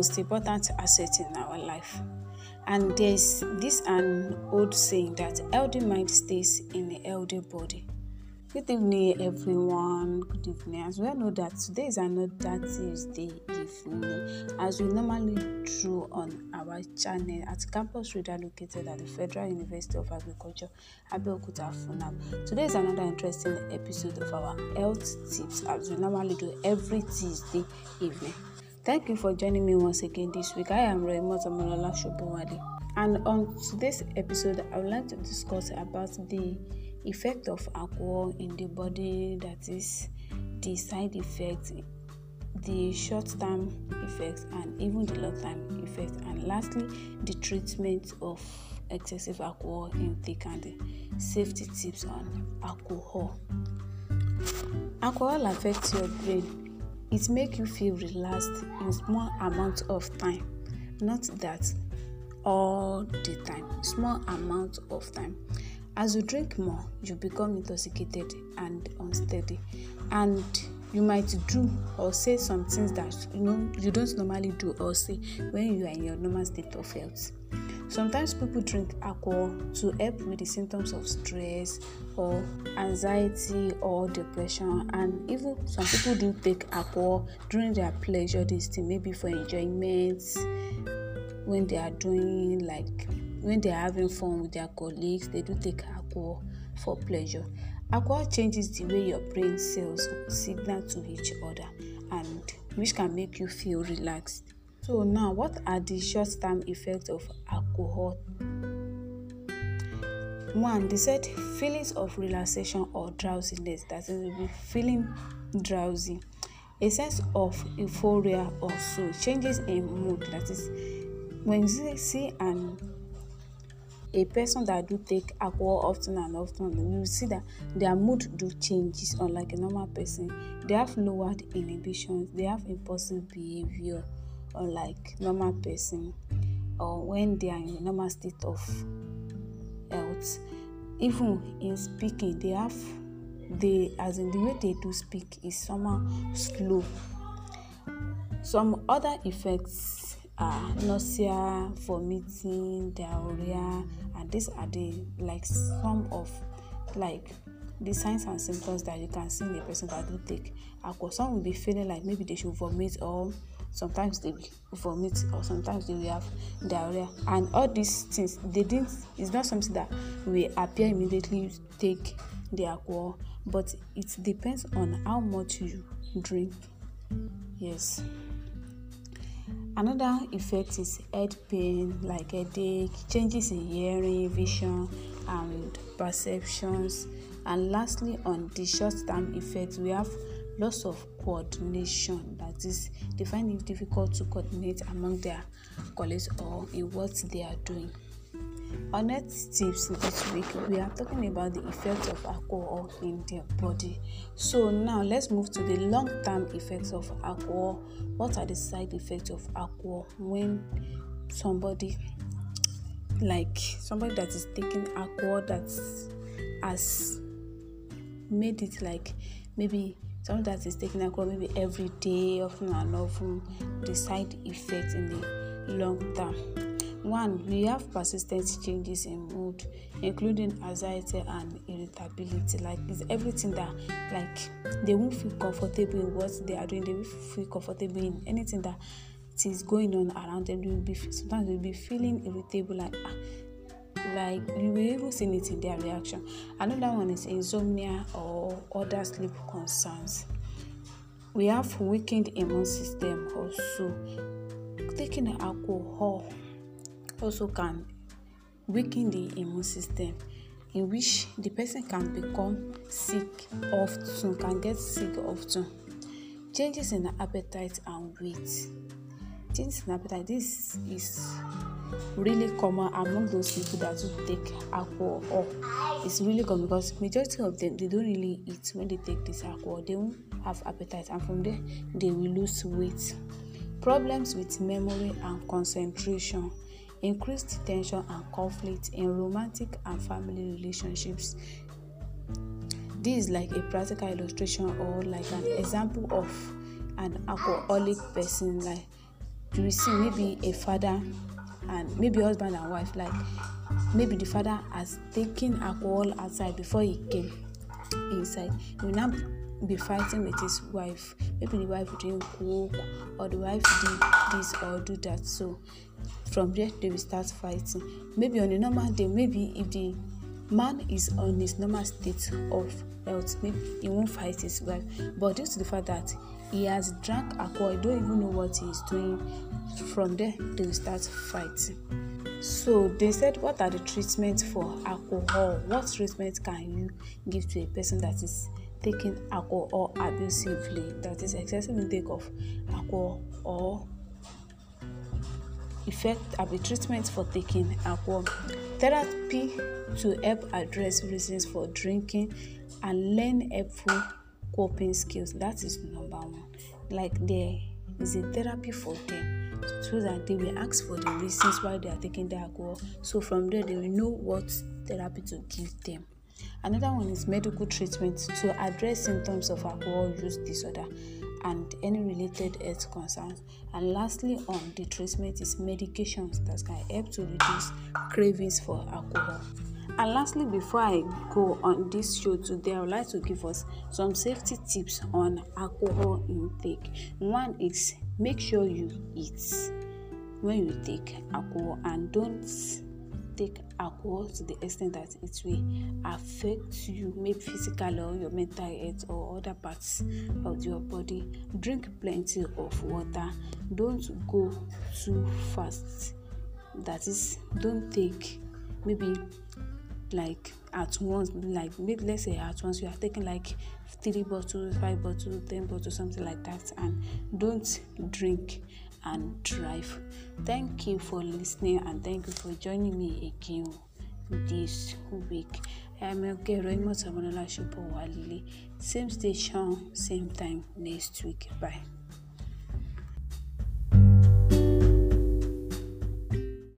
most important asset in our life. And there's this an old saying that healthy mind stays in a healthy body. Good evening, everyone. Good evening. As we all know that today is another Tuesday evening, as we normally do on our channel at Campus Radar located at the Federal University of Agriculture, Abeokuta, Funab. Today is another interesting episode of our health tips, as we normally do every Tuesday evening. Thank you for joining me once again this week. I am Raymond Amalola Shobowale. And on today's episode, I would like to discuss about the effect of alcohol in the body, that is the side effects, the short-term effects, and even the long-term effects. And lastly, the treatment of excessive alcohol intake and the safety tips on alcohol. Alcohol affects your brain it make you feel relaxed in small amount of time not that all the time small amount of time as you drink more you become intoxicated and unsteady and you might do or say some things that you know you don't normally do or say when you are in your normal state of health Sometimes people drink alcohol to help with the symptoms of stress or anxiety or depression, and even some people do take alcohol during their pleasure thing maybe for enjoyment when they are doing like when they are having fun with their colleagues, they do take alcohol for pleasure. Alcohol changes the way your brain cells signal to each other and which can make you feel relaxed So now, what are the short-term effects of alcohol? One, they said feelings of relaxation or drowsiness. That is, will be feeling drowsy. A sense of euphoria or so. Changes in mood. That is, when you see an a person that do take alcohol often and often you see that their mood do changes unlike a normal person they have lowered inhibitions they have impulsive behavior unlike normal person or when they are in a normal state of health even in speaking they have they as in the way they do speak is somehow slow some other effects are nausea vomiting diarrhea and these are the like some of like the signs and symptoms that you can see in a person that do take alcohol some will be feeling like maybe they should vomit or sometimes they vomit or sometimes they will have diarrhea and all these things they didn't it's not something that will appear immediately take the alcohol but it depends on how much you drink yes another effect is head pain like headache changes in hearing vision and perceptions and lastly on the short term effects, we have loss of coordination that is they find it difficult to coordinate among their colleagues or in what they are doing our next tips this week we are talking about the effects of alcohol in the body so now let's move to the long-term effects of alcohol what are the side effects of alcohol when somebody like somebody that is taking alcohol that has made it like maybe Sometimes it's taking a call maybe every day often and often the side effect in the long term one we have persistent changes in mood including anxiety and irritability like it's everything that like they won't feel comfortable in what they are doing they won't feel comfortable in anything that is going on around them they will be sometimes they will be feeling irritable like ah like you will even see it in their reaction. Another one is insomnia or other sleep concerns. We have weakened immune system also. Taking alcohol also can weaken the immune system in which the person can become sick often, can get sick often. Changes in appetite and weight. Things in This is really common among those people that do take alcohol. It's really common because majority of them they don't really eat when they take this alcohol. They won't have appetite, and from there they will lose weight. Problems with memory and concentration. Increased tension and conflict in romantic and family relationships. This is like a practical illustration or like an example of an alcoholic person like you will see maybe a father and maybe husband and wife like maybe the father has taken alcohol outside before he came inside he will now be fighting with his wife maybe the wife didn't cook or the wife did this or do that so from there they will start fighting maybe on a normal day maybe if the man is on his normal state of health maybe he won't fight his wife but due to the fact that He has dragged alcohol. I don't even know what he is doing. From there, they start fighting. So they said, What are the treatments for alcohol? What treatment can you give to a person that is taking alcohol abusively, that is excessive intake of alcohol or effect abi uh, treatment for taking alcohol therapy to help address reasons for drinking and learn helpful coping skills. That is number one. Like there is a therapy for them so that they will ask for the reasons why they are taking the alcohol. So from there, they will know what therapy to give them. Another one is medical treatment to address symptoms of alcohol use disorder and any related health concerns. And lastly, on the treatment is medications that can help to reduce cravings for alcohol. And lastly, before I go on this show today, I would like to give us some safety tips on alcohol intake. One is make sure you eat when you take alcohol and don't take alcohol to the extent that it will affect you, maybe physically or your mental health or other parts of your body. Drink plenty of water. Don't go too fast. That is, don't take maybe like at once like maybe let's say at once you are taking like three bottles five bottles ten bottles something like that and don't drink and drive thank you for listening and thank you for joining me again this week i am okere same station same time next week bye